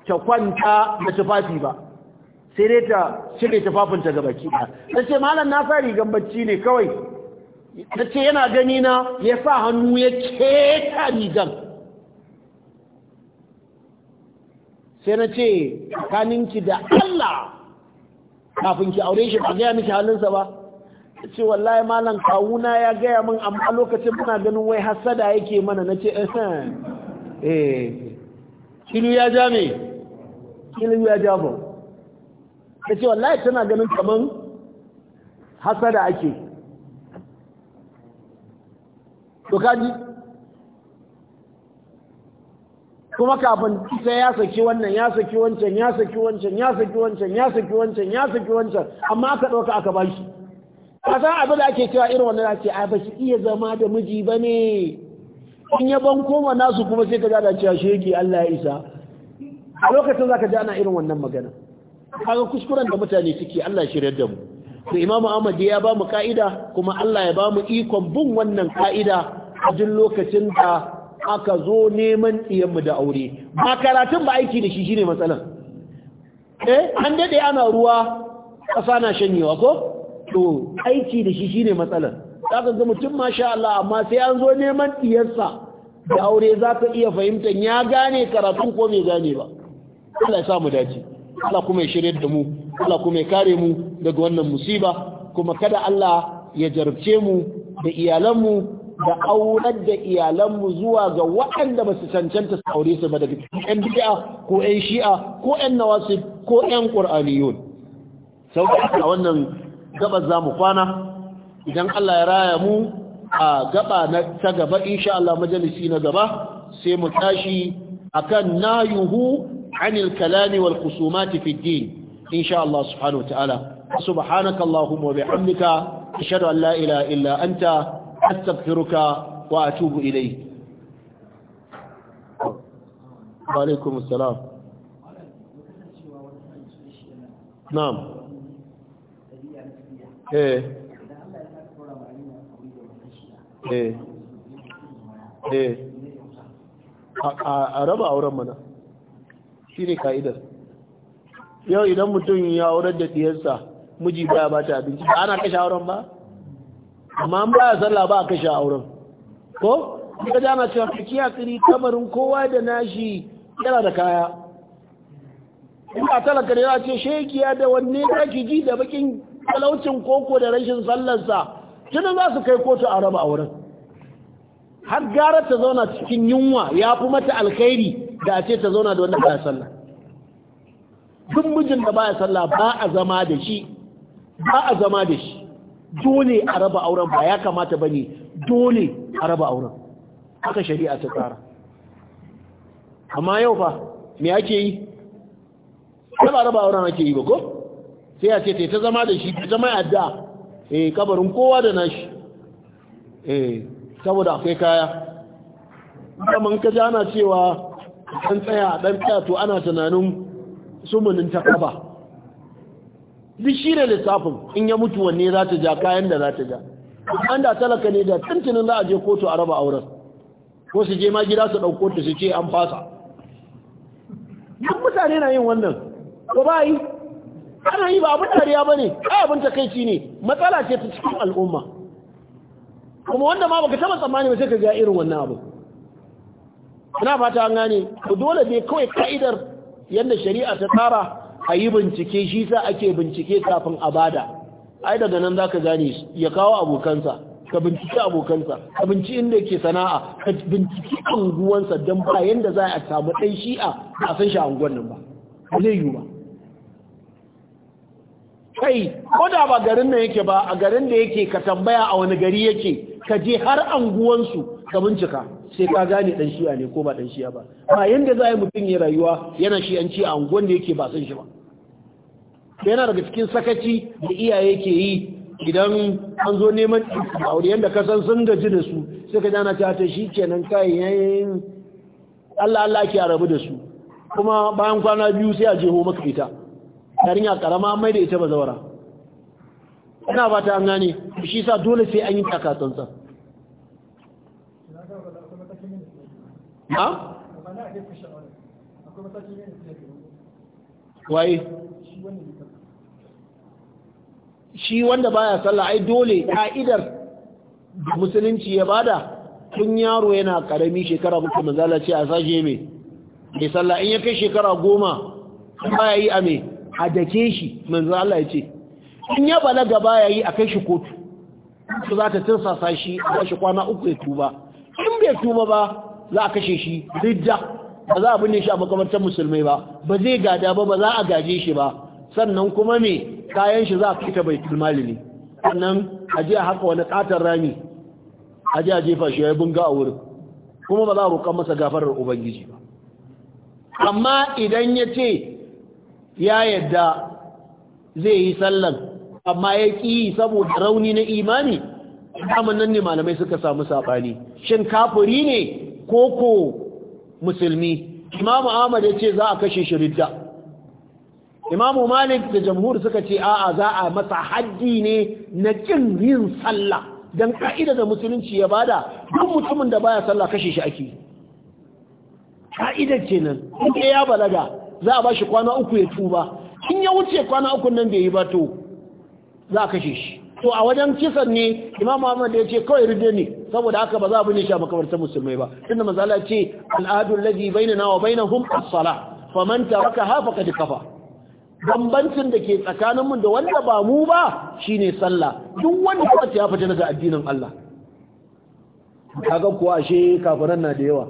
ta kwanta da tufafi ba sai dai ta cire tufafinta ga baki ta ce malam na sa rigar bacci ne kawai ta ce yana gani na ya sa hannu ya keta rigan sai na ce tsakaninki da Allah kafin ki aure shi ba gaya miki halinsa ba ta ce wallahi malam kawuna ya gaya min amma lokacin muna ganin wai hasada yake mana na ce eh kilu eh, eh. ya ja me kilu ya ja ba ta ce wallahi tana ganin kaman hasada ake to kaji kuma kafin ita ya saki wannan ya saki wancan ya saki wancan ya saki wancan ya saki wancan ya saki wancan amma aka ɗauka aka ba shi ka san abin da ake cewa irin wannan ake ai ba shi iya zama da miji ba ne in ya ban koma nasu kuma sai ka da cewa shege Allah ya isa a lokacin za ka ji ana irin wannan magana kaga kuskuren da mutane suke Allah shiryar da mu to imamu ahmad ya ba mu ka'ida kuma Allah ya ba mu ikon bin wannan ka'ida a duk lokacin da aka zo neman mu da aure ba karatun ba aiki da shi shine matsalan eh an dade ana ruwa kasa na shanyewa ko to aiki da shi shine matsalan zaka ga mutum masha Allah amma sai an zo neman diyarsa da aure zaka iya fahimtar ya gane karatun ko bai gane ba Allah ya sa mu dace Allah kuma ya shirye da mu Allah kuma ya kare mu daga wannan musiba kuma kada Allah ya jarabce mu da iyalan mu da aurar da iyalanmu zuwa ga waɗanda ba su cancanta su aure su ba daga ƴan bid'a ko ƴan shi'a ko ƴan nawasib ko ƴan qur'aniyun saboda a wannan gaba za mu kwana idan Allah ya raya mu a gaba na ta gaba insha Allah majalisi na gaba sai mu tashi akan nayuhu عن الكلام والخصومات في الدين إن شاء الله سبحانه وتعالى سبحانك اللهم وبحمدك أشهد أن لا إله إلا أنت أستغفرك وأتوب إليك وعليكم السلام نعم ايه ايه ايه a raba auren mana shi ne ka'idar yau idan mutum ya aurar da diyarsa miji baya ba ta abinci ba ana kashe auren ba amma an baya sallah ba a kashe auren ko ka ji ana cewa kaki kiri kamarin kowa da nashi yana da kaya in ba talaka da ce shekiya da wanne zaki ji da bakin talaucin koko da rashin sallarsa tunan za su kai kotu a raba auren har gara ta zauna cikin yunwa ya fi mata alkhairi da a ce ta zauna da wanda baya sallah duk mijin da baya sallah ba a zama da shi ba a zama da shi dole a raba auren ba ya kamata bane dole a raba auren haka shari'a ta tsara amma yau fa me ake yi ba raba auren ake yi ba ko sai a ce ta zama da shi ta zama adda eh kabarin kowa da nashi eh saboda akwai kaya kaman ka jana cewa dan tsaya dan tsaya to ana tunanin sumunin ta kaba duk shi ne lissafin in ya mutu wanne za ta ja kayan da za ta ja an da talaka ne da tuntunin za a je kotu a raba auren ko su je ma gida su ɗauko ta su ce an fasa duk mutane na yin wannan ko ba yi ana yi ba abin dariya ba ne kai abin takaici ne matsala ce ta cikin al'umma kuma wanda ma baka taɓa tsammani ba sai ka ga irin wannan abu ina fata an gane ku dole ne kawai ka'idar yadda shari'a ta tsara a yi bincike shi sa ake bincike kafin a bada ai daga nan za ka gane ya kawo abokansa ka binciki abokansa ka binciki inda yake sana'a ka binciki unguwansa don ba yadda za a samu ɗan shi'a a san shi a unguwan nan ba ba zai yiwu ba kai ko da ba garin nan yake ba a garin da yake ka tambaya a wani gari yake ka je har anguwansu ka bincika sai ka gane dan shi'a ne ko ba dan shi'a ba ba yanda za a yi ya rayuwa yana shi'anci a unguwan da yake ba san shi ba yana daga cikin sakaci da iyaye ke yi idan an zo neman aure yanda ka san sun gaji da su sai ka dana ta ta shi kenan kayan Allah Allah ke rabu da su kuma bayan kwana biyu sai a je ho maka ita yarinya karama mai da ita bazawara ina fata an gane shi sa dole sai an yi takatsantsan ha? waye shi wanda baya sallah ai dole ka'idar da musulunci ya bada tun yaro yana karami shekara muku manzala ce a sashe mai mai sallah in ya kai shekara goma baya yi a mai a dake shi manzala ya ce in ya balaga baya yi a kai shi kotu su za ta tirsasa shi a shi kwana uku ya tuba in bai tuba ba za a kashe shi ridda ba za a binne shi a makamantar musulmai ba ba zai gada ba ba za a gaje shi ba sannan kuma me kayan shi za a fita bai tilmali ne sannan a je a haka wani katon rami a je a jefa shi ya bunga a wurin kuma ba za a roƙa masa gafarar ubangiji ba amma idan ya ce ya yadda zai yi sallan amma ya ƙi saboda rauni na imani daman nan ne malamai suka samu saɓani shin kafuri ne koko musulmi imamu ahmad ya ce za a kashe shi ridda imamu malik da Jamhuri suka ce a'a za a masa haddi ne na kin yin sallah dan ka'ida da musulunci ya bada duk mutumin da baya sallah kashe shi ake ka'idar kenan in ya balaga za a bashi kwana uku ya tuba in ya wuce kwana uku nan bai yi ba to za a kashe shi to a wajen kisan ne imam muhammad ya ce kawai ride ne saboda haka ba za a bi shi a musulmai ba tunda mazala ce al'adun ladhi bainana wa fa as taraka ha fa faqad kafa bambancin da ke tsakanin mu da wanda ba mu ba shine sallah duk wanda kuma ya fita daga addinin Allah kaga kuwa ashe kafiran na da yawa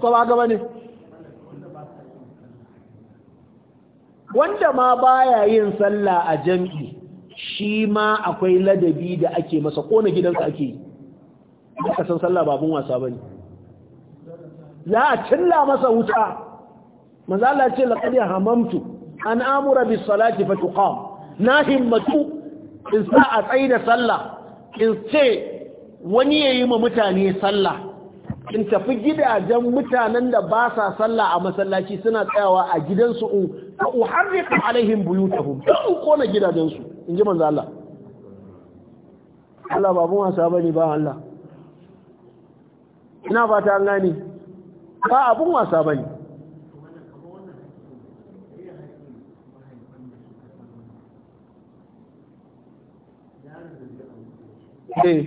ko ba ga bane wanda ma baya yin sallah a jami'i shi ma akwai ladabi da ake masa kona gidansa ake yi aka san sallah babun wasa bane za a cilla masa wuta manzo Allah ce laqad hamamtu an amura bis salati fa tuqam na himmatu in sa a tsaida sallah in ce wani yayi ma mutane sallah in tafi gidajen mutanen da ba sa sallah a masallaci suna tsayawa a gidansu in uharriqa alaihim buyutahum ko kona su. in ji manzo Allah Allah babu wasa bane ba Allah ina fata ta gane ba abun wasa bane eh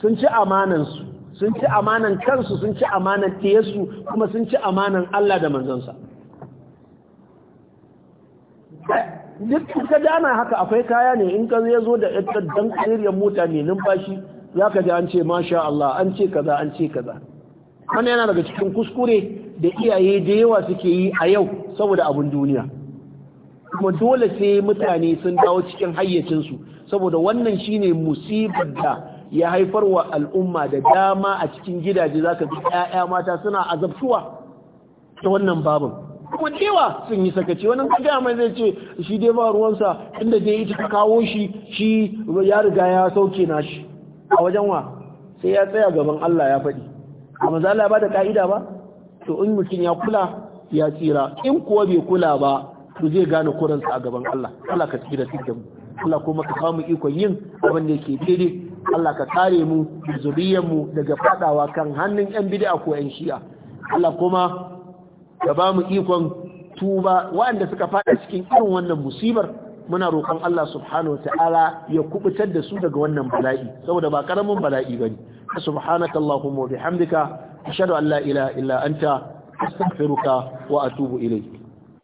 sun ci amanansu sun ci amanan kansu sun ci amanan tiyesu kuma sun ci amanan Allah da manzansa duk ka dana haka akwai kaya ne in ka zo da ita dan kariyar mota mai numfashi za ka ji an ce masha Allah an ce kaza an ce kaza wannan yana daga cikin kuskure da iyaye da yawa suke yi a yau saboda abin duniya kuma dole sai mutane sun dawo cikin hayyacinsu saboda wannan shine musibar da ya haifar wa al'umma da dama a cikin gidaje za ka ji 'ya'ya mata suna azabtuwa ta wannan babin kuma dewa sun yi sakaci wani kaga mai zai ce shi dai ba ruwansa inda dai ita ta kawo shi shi ya riga ya sauke na shi a wajen wa sai ya tsaya gaban Allah ya faɗi a maza Allah ba da ka'ida ba to in mutum ya kula ya tsira in kuwa bai kula ba to zai gane kuransa a gaban Allah Allah ka tsira cikin mu Allah kuma ka samu ikon yin abin da yake daidai Allah ka kare mu da mu daga fadawa kan hannun yan bid'a ko yan shi'a Allah kuma ka ba mu ikon tuba waɗanda suka fada cikin irin wannan musibar muna roƙon Allah subhanahu wa ta'ala ya kubutar da su daga wannan bala'i saboda ba karamin bala'i bane subhanaka allahumma wa bihamdika ashhadu an la ilaha illa anta astaghfiruka wa atubu ilayk